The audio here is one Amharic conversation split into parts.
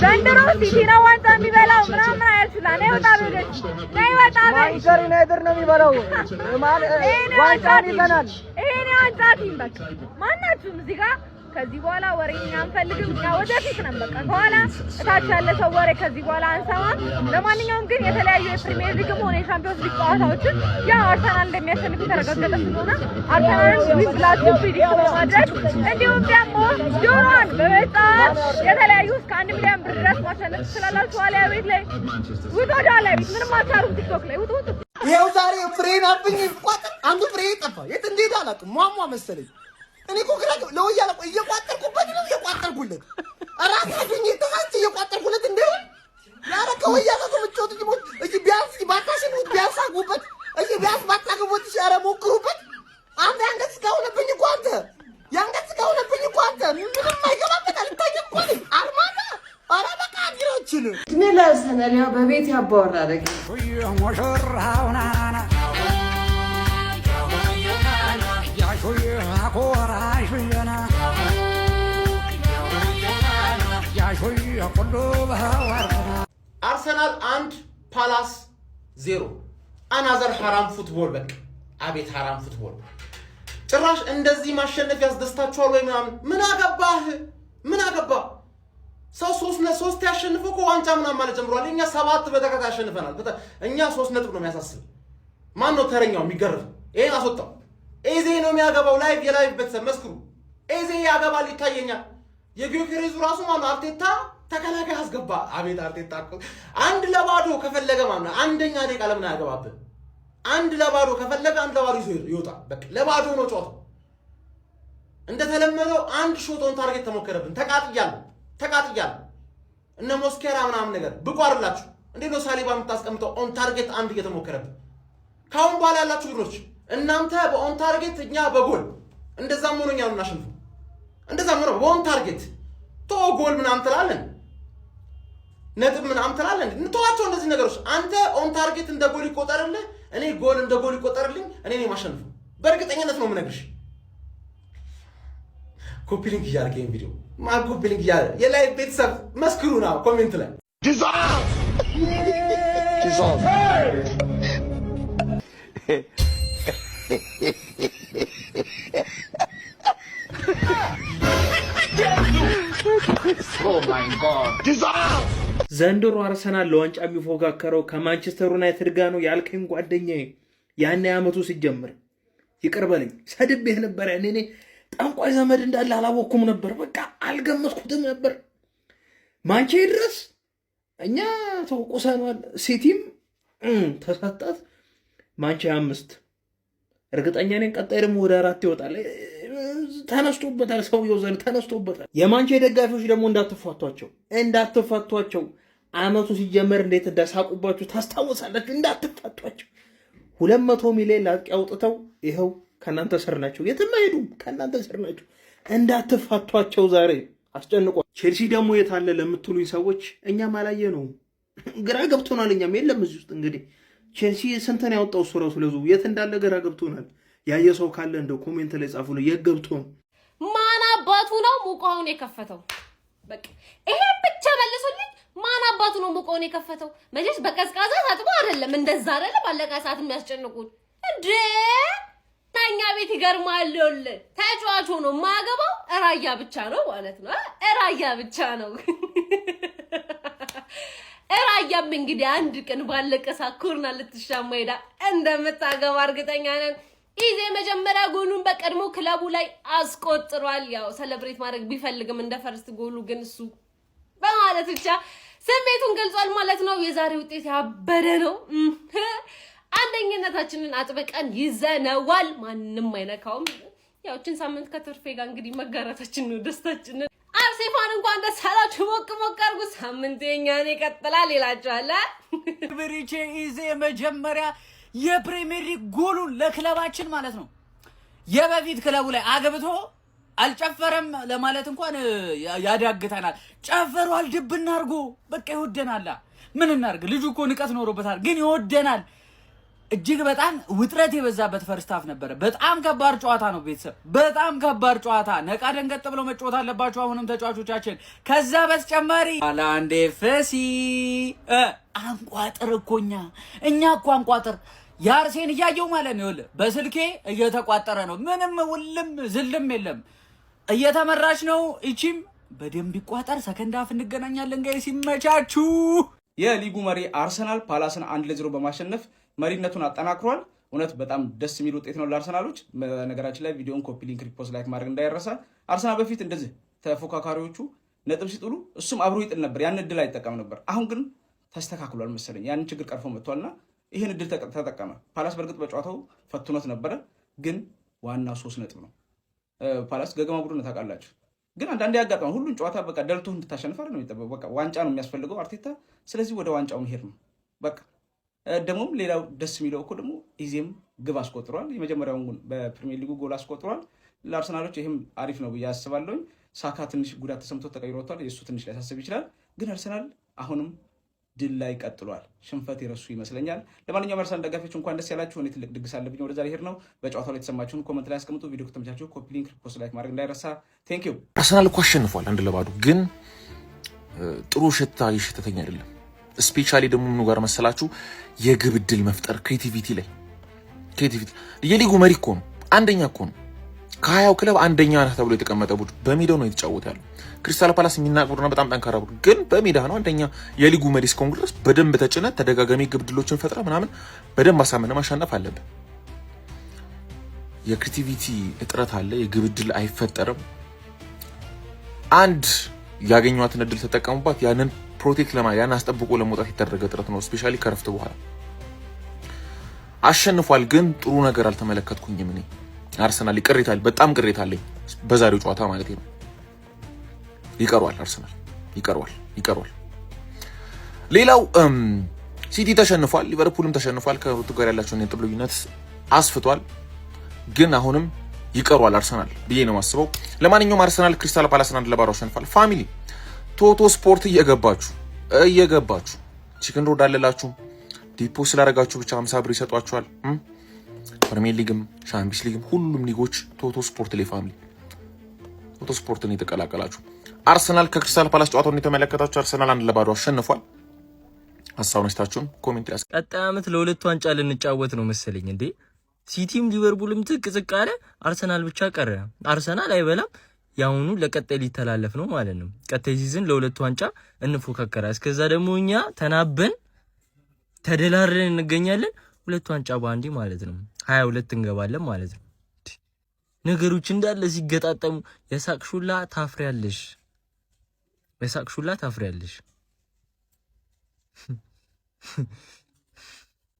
ዘንድሮ ሲቲ ነው ዋንጫ የሚበላው ምናምን አያችሁላ ነው ወጣ ቢልሽ ነው ወጣ ቢልሽ ማንቸስተር ዩናይትድ ነው የሚበላው ዋንጫ ይበላል። ይሄ ዋንጫ ቲም በቃ ማናችሁም እዚህ ጋር ከዚህ በኋላ ወሬ እኛ አንፈልግም። እኛ ወደፊት ነን በቃ በኋላ እታች ያለ ሰው ወሬ ከዚህ በኋላ አንሰማም። ለማንኛውም ግን የተለያዩ የፕሪሚየር ሊግም ሆነ የሻምፒዮንስ ሊግ ጨዋታዎችን ያው አርሰናል እንደሚያሸንፍ የተረጋገጠ ስለሆነ አርሰናልን ዊዝ ብላችሁ ፕሪዲክት በማድረግ እንዲሁም ደግሞ ጆሮን በመጣት የተለያዩ እስከ አንድ ሚሊዮን ብር ድረስ ማሸነፍ ትችላላችሁ። ዋሊያ ቤት ላይ ውጡ፣ ወዳሊያ ቤት ምንም አታሩም። ቲክቶክ ላይ ውጡ ውጡ። ይኸው ዛሬ ፍሬን አብኝ አንዱ ፍሬ ጠፋ። የት እንዴት አላውቅም። ሟሟ መሰለኝ እኔ እኮ ግራ ለው ለወያለ እየቋጠርኩበት ነው እየቋጠርኩለት አራት አፍኝ ተፋንት እየቋጠርኩለት እንደሆነ ያረ ከወያለ ከምጮት ጅሞች እጅ ቢያንስ ባታሽን ውት ቢያንስ አግቡበት እጅ ቢያንስ ባታግቡበት ሻረ ሞክሩበት። አንተ የአንገት ስጋ ሆነብኝ እኮ አንተ የአንገት ስጋ ሆነብኝ እኮ አንተ ምንም አይገባበት አልታየ እኮ ነኝ አርማና አረ በቃ አድሮችን እድሜ ለሰነሪያ በቤት ያባወራረግ ሙሽራውና ኮራሽና አርሰናል አንድ ፓላስ ዜሮ አናዘር ሀራም ፉትቦል። በቃ አቤት ሀራም ፉትቦል። ጭራሽ እንደዚህ ማሸነፍ ያስደስታችኋል ወይ ምናምን? ምን አገባህ? ምን አገባ ሰው ሶስት ነ ሶስት ያሸንፈው እኮ ዋንጫ ምናምን ማለት ጀምሯል። እኛ ሰባት በተከታታይ ያሸንፈናል። እኛ ሶስት ነጥብ ነው የሚያሳስብ። ማን ነው ተረኛው የሚገርፍ? ይሄን አስወጣው። ኤዜ ነው የሚያገባው። ላይቭ የላይቭ ቤተሰብ መስክሩ። ኤዜ ያገባል ይታየኛል። የጊዮኬሬዙ ራሱ ማለት አርቴታ ተከላካይ አስገባ። አቤት አርቴታ አንድ ለባዶ ከፈለገ ማለት አንደኛ ደቂቃ ለምን አያገባብን? አንድ ለባዶ ከፈለገ አንድ ለባዶ ይዞ ይወጣል። በቃ ለባዶ ነው ጨዋታው። እንደተለመደው አንድ ሾቶን ታርጌት ተሞከረብን። ተቃጥያለሁ ተቃጥያለሁ። እነ ሞስኬራ ምናምን ነገር ብቁ አይደላችሁ። እንዴት ነው ሳሊባ የምታስቀምጠው? ኦን ታርጌት አንድ እየተሞከረብን። ከአሁን በኋላ ያላችሁ ቡድኖች እናንተ በኦን ታርጌት እኛ በጎል እንደዛም ሆኖ እኛ እናሸንፉ። እንደዛም ሆኖ በኦን ታርጌት ቶ ጎል ምናምን ትላለን፣ ነጥብ ምናምን ትላለን። እንተዋቸው እንደዚህ ነገሮች። አንተ ኦን ታርጌት እንደ ጎል ይቆጠርልህ፣ እኔ ጎል እንደ ጎል ይቆጠርልኝ። እኔ ነው የማሸንፉ። በእርግጠኝነት ነው የምነግርሽ። ኮፒ ሊንክ እያደረገ ቪዲዮ ማን ኮፒ ሊንክ እያደረገ የላይ ቤተሰብ መስክሩ ነው ኮሜንት ላይ ጂዛ Oh ዘንድሮ አርሰናል ለዋንጫ የሚፎካከረው ከማንቸስተር ዩናይትድ ጋር ነው ያልከኝ ጓደኛዬ። ያኔ አመቱ ሲጀምር ይቅርበልኝ በለኝ ሰድቤህ ነበር። ያኔ እኔ ጠንቋይ ዘመድ እንዳለ አላወኩም ነበር። በቃ አልገመትኩትም ነበር። ማንቼ ድረስ እኛ ተውቁሰኗል። ሲቲም ተሰጣት ማንቼ አምስት እርግጠኛ ነኝ ቀጣይ ደግሞ ወደ አራት ይወጣል። ተነስቶበታል፣ ሰውየው ዘንድ ተነስቶበታል። የማንቼ ደጋፊዎች ደግሞ እንዳትፋቷቸው እንዳትፋቷቸው። አመቱ ሲጀመር እንዴት እንዳሳቁባችሁ ታስታውሳላችሁ። እንዳትፋቷቸው። ሁለት መቶ ሚሊዮን ላቅ ያውጥተው ይኸው ከእናንተ ስር ናቸው። የትም አይሄዱም፣ ከእናንተ ስር ናቸው። እንዳትፋቷቸው። ዛሬ አስጨንቋል። ቼልሲ ደግሞ የታለ ለምትሉኝ ሰዎች እኛም ነው ግራ ገብቶናል። እኛም የለም እዚህ ውስጥ እንግዲህ ቼልሲ ስንትን ያወጣው? እሱ ራሱ ለዙ የት እንዳለ ግራ ገብቶናል። ያየ ሰው ካለ እንደ ኮሜንት ላይ ጻፉ። ነው የት ገብቶ ማን አባቱ ነው ሙቀውን የከፈተው? በቃ ይሄ ብቻ መልሱልኝ። ማን አባቱ ነው ሙቀውን የከፈተው? መቼስ በቀዝቃዛ ታጥቦ አይደለም እንደዛ አይደለም። ባለቀ ሰዓት የሚያስጨንቁት እንዴ ታኛ ቤት ይገርማል። ተጫዋች ሆኖ ማገባው እራያ ብቻ ነው ማለት ነው። እራያ ብቻ ነው እራያም እንግዲህ አንድ ቀን ባለቀ ሳኩርና ልትሻማ ሄዳ እንደምታገባ እርግጠኛ ነን። ኢዜ መጀመሪያ ጎሉን በቀድሞ ክለቡ ላይ አስቆጥሯል። ያው ሰለብሬት ማድረግ ቢፈልግም እንደ ፈርስት ጎሉ ግን እሱ በማለት ብቻ ስሜቱን ገልጿል ማለት ነው። የዛሬ ውጤት ያበደ ነው። አንደኝነታችንን አጥብቀን ይዘነዋል። ማንም አይነካውም። ያው እችን ሳምንት ከትርፌ ጋር እንግዲህ መጋራታችን ነው ደስታችንን ሴፋን እንኳን ደስ አላችሁ። ሞቅ ሞቅ አድርጉ። ሳምንቴኛን ይቀጥላል ይላችኋል። ብሪቼ ኢዜ መጀመሪያ የፕሪሚየር ሊግ ጎሉን ለክለባችን ማለት ነው የበፊት ክለቡ ላይ አግብቶ አልጨፈረም ለማለት እንኳን ያዳግተናል። ጨፈሯል ድብና እናርጎ በቃ ይወደናል። ምን እናርግ? ልጁ እኮ ንቀት ኖሮበታል፣ ግን ይወደናል። እጅግ በጣም ውጥረት የበዛበት ፈርስታፍ ነበረ። በጣም ከባድ ጨዋታ ነው ቤተሰብ፣ በጣም ከባድ ጨዋታ። ነቃ ደንገጥ ብለው መጫወት አለባቸው አሁንም ተጫዋቾቻችን። ከዛ በተጨማሪ አላንዴ ፈሲ አንቋጥር እኮኛ እኛ እኮ አንቋጥር የአርሴን እያየው ማለት ነው። ይኸውልህ በስልኬ እየተቋጠረ ነው። ምንም ውልም ዝልም የለም። እየተመራች ነው። ይቺም በደንብ ይቋጠር። ሰከንድ አፍ እንገናኛለን ጋይ ሲመቻችሁ። የሊጉ መሪ አርሰናል ፓላስን አንድ ለዜሮ በማሸነፍ መሪነቱን አጠናክሯል። እውነት በጣም ደስ የሚል ውጤት ነው ለአርሰናሎች። በነገራችን ላይ ቪዲዮን ኮፒ ሊንክ፣ ሪፖስት፣ ላይክ ማድረግ እንዳይረሳ። አርሰናል በፊት እንደዚህ ተፎካካሪዎቹ ነጥብ ሲጥሉ እሱም አብሮ ይጥል ነበር፣ ያን እድል አይጠቀም ነበር። አሁን ግን ተስተካክሏል መሰለኝ፣ ያን ችግር ቀርፎ መጥቷልና ይህን እድል ተጠቀመ። ፓላስ በእርግጥ በጨዋታው ፈትኖት ነበረ፣ ግን ዋና ሶስት ነጥብ ነው። ፓላስ ገገማ ቡድን ታውቃላችሁ፣ ግን አንዳንዴ ያጋጠመ ሁሉን ጨዋታ በቃ ደልቶ እንድታሸንፍ ነው የሚጠበቅ፣ ዋንጫ ነው የሚያስፈልገው አርቴታ። ስለዚህ ወደ ዋንጫው መሄድ ነው በቃ ደግሞም ሌላው ደስ የሚለው እኮ ደግሞ ኢዜም ግብ አስቆጥሯል። የመጀመሪያውን በፕሪሚየር ሊጉ ጎል አስቆጥሯል ለአርሰናሎች ይህም አሪፍ ነው ብዬ አስባለሁኝ። ሳካ ትንሽ ጉዳት ተሰምቶ ተቀይሮቷል። የእሱ ትንሽ ሊያሳስብ ይችላል። ግን አርሰናል አሁንም ድል ላይ ቀጥሏል። ሽንፈት የረሱ ይመስለኛል። ለማንኛውም አርሰናል ደጋፊዎች እንኳን ደስ ያላችሁ። እኔ ትልቅ ድግስ አለብኝ፣ ወደዛ ልሄድ ነው። በጨዋታው ላይ የተሰማችሁን ኮመንት ላይ አስቀምጡ። ቪዲዮ ከተመቻችሁ ኮፒ ሊንክ፣ ፖስት፣ ላይክ ማድረግ እንዳይረሳ። ቴንክ ዩ። አርሰናል እኮ አሸንፏል አንድ ለባዶ ግን ጥሩ ሽታ ይሽተተኛ አይደለም ስፔሻሊ ደግሞ ምኑ ጋር መሰላችሁ የግብ ዕድል መፍጠር ክሬቲቪቲ ላይ ክሬቲቪቲ የሊጉ መሪ እኮ ነው፣ አንደኛ እኮ ነው። ከሀያው ክለብ አንደኛ ነህ ተብሎ የተቀመጠ ቡድን በሜዳው ነው የተጫወተ ያለ ክሪስታል ፓላስ የሚናቅ ቡድና በጣም ጠንካራ ቡድን ግን በሜዳ ነው አንደኛ። የሊጉ መሪ እስከሆንክ ድረስ በደንብ ተጭነት ተደጋጋሚ ግብ ዕድሎችን ፈጥረ ምናምን በደንብ አሳምነ ማሸነፍ አለብን። የክሬቲቪቲ እጥረት አለ። የግብ ዕድል አይፈጠርም። አንድ ያገኟትን እድል ተጠቀሙባት። ያንን ፕሮቴክት ለማድረግ ያን አስጠብቆ ለመውጣት የተደረገ ጥረት ነው። ስፔሻሊ ከረፍት በኋላ አሸንፏል፣ ግን ጥሩ ነገር አልተመለከትኩኝም። እኔ አርሰናል ቅሬታ በጣም ቅሬታ በዛሬው ጨዋታ ማለት ነው። ይቀሯል፣ አርሰናል ይቀሯል፣ ይቀሯል። ሌላው ሲቲ ተሸንፏል፣ ሊቨርፑልም ተሸንፏል። ከሁለቱ ጋር ያላቸውን የነጥብ ልዩነት አስፍቷል፣ ግን አሁንም ይቀሯል አርሰናል ብዬ ነው የማስበው። ለማንኛውም አርሰናል ክሪስታል ፓላስን አንድ ለባዶ አሸንፏል። ፋሚሊ ቶቶ ስፖርት እየገባችሁ እየገባችሁ ቺክን ሮድ አለላችሁ ዲፖ ስላደረጋችሁ ብቻ ሀምሳ ብር ይሰጧችኋል። ፕሪሚየር ሊግም ሻምፒዮንስ ሊግም ሁሉም ሊጎች ቶቶ ስፖርት ላይ ፋሚሊ ቶቶ ስፖርትን የተቀላቀላችሁ። አርሰናል ከክሪስታል ፓላስ ጨዋታውን የተመለከታችሁ አርሰናል አንድ ለባዶ አሸንፏል። ሀሳብ ነስታችሁን ኮሜንት ያስ ቀጣይ ዓመት ለሁለት ዋንጫ ልንጫወት ነው መሰለኝ እንዴ ሲቲም ሊቨርፑልም ትቅ ዝቅ አለ። አርሰናል ብቻ ቀረ። አርሰናል አይበላም የአሁኑ ለቀጣይ ሊተላለፍ ነው ማለት ነው። ቀጣይ ሲዝን ለሁለት ዋንጫ እንፎካከራ። እስከዛ ደግሞ እኛ ተናበን ተደላርን እንገኛለን። ሁለት ዋንጫ በአንዴ ማለት ነው ሀያ ሁለት እንገባለን ማለት ነው። ነገሮች እንዳለ ሲገጣጠሙ የሳቅሹላ ታፍሪያለሽ፣ የሳቅሹላ ታፍሪያለሽ።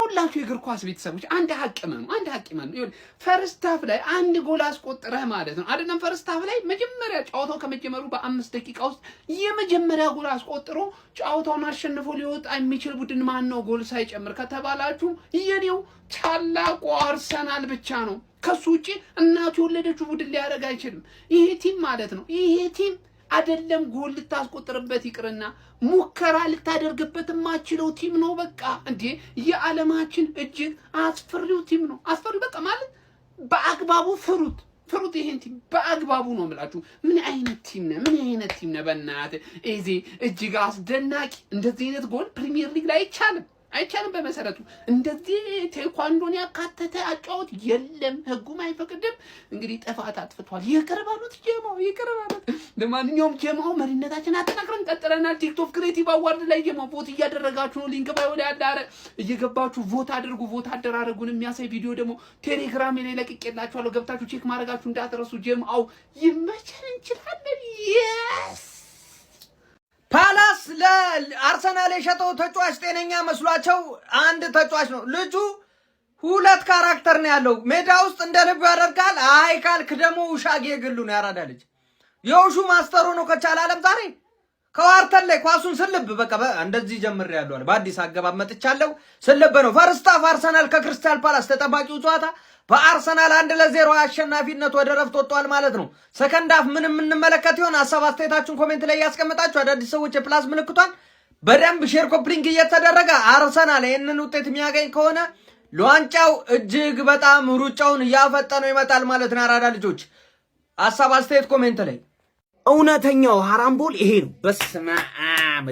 ሁላችሁ የእግር ኳስ ቤተሰቦች አንድ ሀቅ መኑ አንድ ሀቅ መኑ ይሁን። ፈርስታፍ ላይ አንድ ጎል አስቆጥረህ ማለት ነው አይደለም? ፈርስታፍ ላይ መጀመሪያ ጨዋታው ከመጀመሩ በአምስት ደቂቃ ውስጥ የመጀመሪያ ጎል አስቆጥሮ ጨዋታውን አሸንፎ ሊወጣ የሚችል ቡድን ማን ነው? ጎል ሳይጨምር ከተባላችሁ የኔው ታላቁ አርሰናል ብቻ ነው። ከሱ ውጪ እናቱ የወለደችው ቡድን ሊያደርግ አይችልም። ይሄ ቲም ማለት ነው ይሄ ቲም አደለም ጎል ልታስቆጥርበት ይቅርና ሙከራ ልታደርግበት የማችለው ቲም ነው። በቃ እንዴ የዓለማችን እጅግ አስፈሪው ቲም ነው። አስፈሪው በቃ ማለት በአግባቡ ፍሩት ፍሩት ይሄን ቲም በአግባቡ ነው የምላችሁ። ምን አይነት ቲም ነህ? ምን አይነት ቲም ነህ? በእናትህ ኤዜ እጅግ አስደናቂ እንደዚህ አይነት ጎል ፕሪሚየር ሊግ ላይ አይቻልም። አይቻልም። በመሰረቱ እንደዚህ ቴኳንዶን ያካተተ አጫወት የለም፣ ህጉም አይፈቅድም። እንግዲህ ጥፋት አጥፍቷል። ይቅር በሉት ጀማው፣ ይቅር በሉት። ለማንኛውም ጀማው መሪነታችን አጠናክረን ቀጥለናል። ቲክቶክ ክሬቲቭ አዋርድ ላይ ጀማው ቮት እያደረጋችሁ ነው። ሊንክ ባይሆን ያዳረ እየገባችሁ ቮት አድርጉ። ቮት አደራረጉን የሚያሳይ ቪዲዮ ደግሞ ቴሌግራም ላይ ለቅቄላችኋለሁ። ገብታችሁ ቼክ ማድረጋችሁ እንዳትረሱ። ጀማው ይመቸን፣ እንችላለን። የስ ፓላስ ለአርሰናል የሸጠው ተጫዋች ጤነኛ መስሏቸው አንድ ተጫዋች ነው። ልጁ ሁለት ካራክተር ነው ያለው። ሜዳ ውስጥ እንደ ልብ ያደርጋል። አይ ካልክ ደግሞ ውሻጌ ግሉ ነው ያራዳ ልጅ የውሹ ማስተሩ ነው። ከቻለ አለም ዛሬ ከዋርተን ላይ ኳሱን ስልብ በቃ እንደዚህ ጀምር ያለዋል። በአዲስ አገባብ መጥቻለሁ። ስልብ ነው። ፈርስታፍ አርሰናል ከክርስቲያን ፓላስ ተጠባቂው ጨዋታ በአርሰናል አንድ ለዜሮ አሸናፊነት ወደ ረፍት ወጥቷል ማለት ነው። ሰከንድ አፍ ምን የምንመለከት ይሆን? ሀሳብ አስተያየታችሁን ኮሜንት ላይ እያስቀመጣችሁ አዳዲስ ሰዎች የፕላስ ምልክቷን በደንብ ሼር ኮፕሊንግ እየተደረገ አርሰናል ይህንን ውጤት የሚያገኝ ከሆነ ለዋንጫው እጅግ በጣም ሩጫውን እያፈጠነው ይመጣል ማለት ነው። አራዳ ልጆች ሀሳብ አስተያየት ኮሜንት ላይ እውነተኛው ሀራምቦል ይሄ ነው። በስመ አብ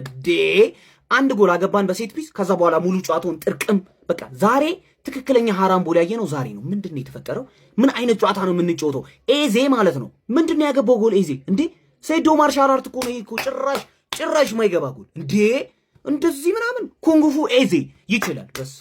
አንድ ጎል አገባን በሴት ፒስ። ከዛ በኋላ ሙሉ ጨዋታውን ጥርቅም በቃ ዛሬ ትክክለኛ ሀራምቦ ያየ ያየነው ዛሬ ነው። ምንድን ነው የተፈጠረው? ምን አይነት ጨዋታ ነው የምንጫወተው? ኤዜ ማለት ነው። ምንድን ነው ያገባው ጎል? ኤዜ እንዴ ሴዶ ማርሻል አርት እኮ ነው ጭራሽ ጭራሽ ማይገባ ጎል እንዴ! እንደዚህ ምናምን ኮንጉፉ ኤዜ ይችላል። በስ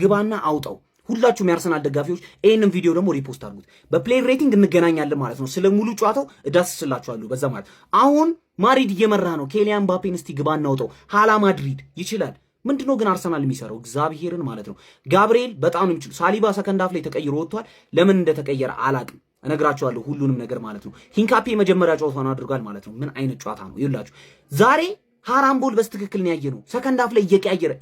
ግባና አውጣው። ሁላችሁም የአርሰናል ደጋፊዎች ይህንን ቪዲዮ ደግሞ ሪፖስት አድርጉት። በፕሌይ ሬቲንግ እንገናኛለን ማለት ነው። ስለ ሙሉ ጨዋታው እዳስስላችኋለሁ። በዛ ማለት አሁን ማድሪድ እየመራ ነው። ኬሊያን ባፔን እስቲ ግባ እናውጠው። ሀላ ማድሪድ ይችላል ምንድነው ግን አርሰናል የሚሰራው? እግዚአብሔርን ማለት ነው። ጋብርኤል በጣም ነው ሳሊባ ሰከንድ ሀፍ ላይ ተቀይሮ ወጥቷል። ለምን እንደተቀየረ አላቅም። እነግራቸዋለሁ ሁሉንም ነገር ማለት ነው። ሂንካፔ የመጀመሪያ ጨዋታውን አድርጓል ማለት ነው። ምን አይነት ጨዋታ ነው ይላችሁ። ዛሬ ሃራምቦል በስትክክል ነው ያየ ነው። ሰከንድ ሀፍ ላይ እየቀያየረ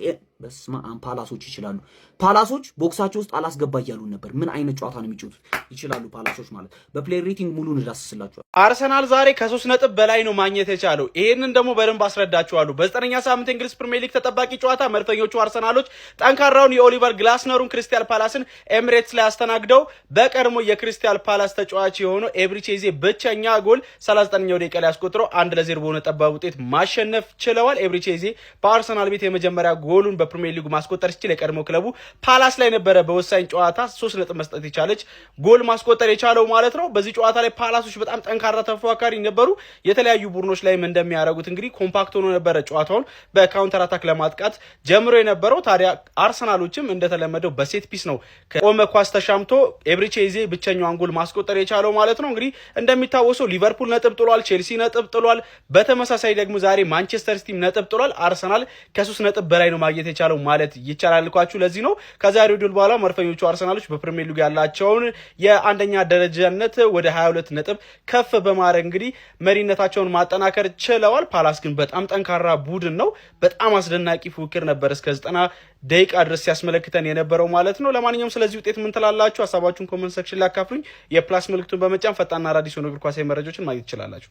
በስማ ፓላሶች ይችላሉ። ፓላሶች ቦክሳቸው ውስጥ አላስገባ እያሉን ነበር። ምን አይነት ጨዋታ ነው የሚጫወቱት? ይችላሉ ፓላሶች ማለት በፕሌይ ሬቲንግ ሙሉ እንዳስስላቸዋል። አርሰናል ዛሬ ከሶስት ነጥብ በላይ ነው ማግኘት የቻለው። ይህንን ደግሞ በደንብ አስረዳችኋለሁ። በዘጠነኛ ሳምንት እንግሊዝ ፕሪሚየር ሊግ ተጠባቂ ጨዋታ መድፈኞቹ አርሰናሎች ጠንካራውን የኦሊቨር ግላስነሩን ክሪስቲያል ፓላስን ኤምሬትስ ላይ አስተናግደው በቀድሞ የክሪስቲያል ፓላስ ተጫዋች የሆነው ኤብሪቼዜ ብቸኛ ጎል 39ኛው ደቂቃ ላይ አስቆጥረው አንድ ለዜሮ በሆነ ጠባብ ውጤት ማሸነፍ ችለዋል። ኤብሪቼዜ በአርሰናል ቤት የመጀመሪያ ጎሉን በፕሪሚየር ሊጉ ማስቆጠር ሲችል የቀድሞ ክለቡ ፓላስ ላይ ነበረ በወሳኝ ጨዋታ ሶስት ነጥብ መስጠት የቻለች ጎል ማስቆጠር የቻለው ማለት ነው። በዚህ ጨዋታ ላይ ፓላሶች በጣም ጠንካራ ተፎካካሪ ነበሩ። የተለያዩ ቡድኖች ላይም እንደሚያደርጉት እንግዲህ ኮምፓክት ሆኖ ነበረ ጨዋታውን በካውንተር አታክ ለማጥቃት ጀምሮ የነበረው። ታዲያ አርሰናሎችም እንደተለመደው በሴት ፒስ ነው ከቆመ ኳስ ተሻምቶ ኤብሪቼዜ ብቸኛዋን ጎል ማስቆጠር የቻለው ማለት ነው። እንግዲህ እንደሚታወሰው ሊቨርፑል ነጥብ ጥሏል፣ ቼልሲ ነጥብ ጥሏል። በተመሳሳይ ደግሞ ዛሬ ማንቸስተር ሲቲም ነጥብ ጥሏል። አርሰናል ከሶስት ነጥብ በላይ ነው ማግኘት የቻለው ማለት ይቻላል ልኳችሁ። ለዚህ ነው ከዛሬው ድል በኋላ መድፈኞቹ አርሰናሎች በፕሪሚየር ሊግ ያላቸውን የአንደኛ ደረጃነት ወደ 22 ነጥብ ከፍ በማድረግ እንግዲህ መሪነታቸውን ማጠናከር ችለዋል። ፓላስ ግን በጣም ጠንካራ ቡድን ነው። በጣም አስደናቂ ፉክክር ነበር እስከ ዘጠና ደቂቃ ድረስ ሲያስመለክተን የነበረው ማለት ነው። ለማንኛውም ስለዚህ ውጤት ምን ትላላችሁ? ሀሳባችሁን ኮመንት ሰክሽን ላካፍሉኝ። የፕላስ ምልክቱን በመጫን ፈጣንና አዳዲስ የሆኑ እግር ኳሳዊ መረጃዎችን ማግኘት ትችላላችሁ።